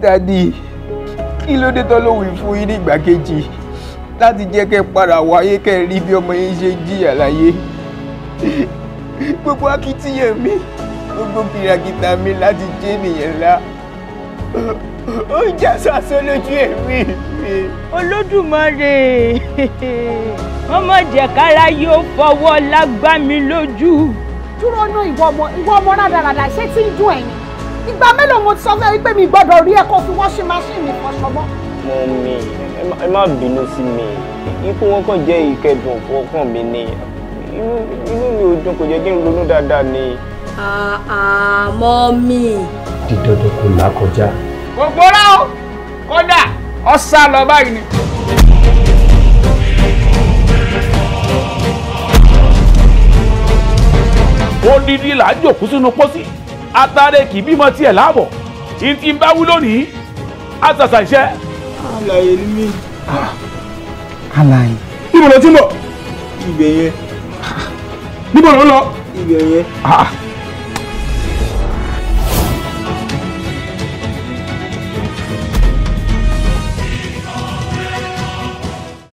dádì kí ló dé tán lóhùn ìfún yín nígbà kejì láti jẹ́ kẹ́ padà wáyé kẹ́ rí bí ọmọ yín ṣe jìyà láyé gbogbo akitiyan mi gbogbo kìràkìtà mi láti jẹ́ nìyẹn lá ó ń jà sásán lójú ẹ̀mí mi. olódùmarè ọmọ jẹ̀kára yóò fọwọ́ lágbá mi lójú. dúró ná ìwọ ọmọ ìwọ ọmọ rádaràdà ṣé tí ń dún ẹ̀yìn ìgbà mélòó mo ti sọ fẹ́ pé mi gbọ́dọ̀ rí ẹ kó fi wọ́n ṣe máṣíìnì kan ṣọmọ́. mo mi ẹ má bínú sí mi ikú wọn kàn jẹ́ ìkẹdùn ọkàn mi ni inú mi ò dùn kò jẹ́ kí n ronú dáadáa ni. àmọ́ mi. di dandan kò là kọjá. kò gbóná o kódà ọ sá lọ báyìí ni. odidi là jòkó sínú pósí atare kì í bímọ tiẹ̀ láàbọ̀ ìtì bá wú lónìí àtàtà iṣẹ́. alàyè ni mí. alàyè. ibo ló ti ń bọ̀. ibẹ̀ yẹn. níbo ló ń lọ. ibẹ̀ yẹn. Ah,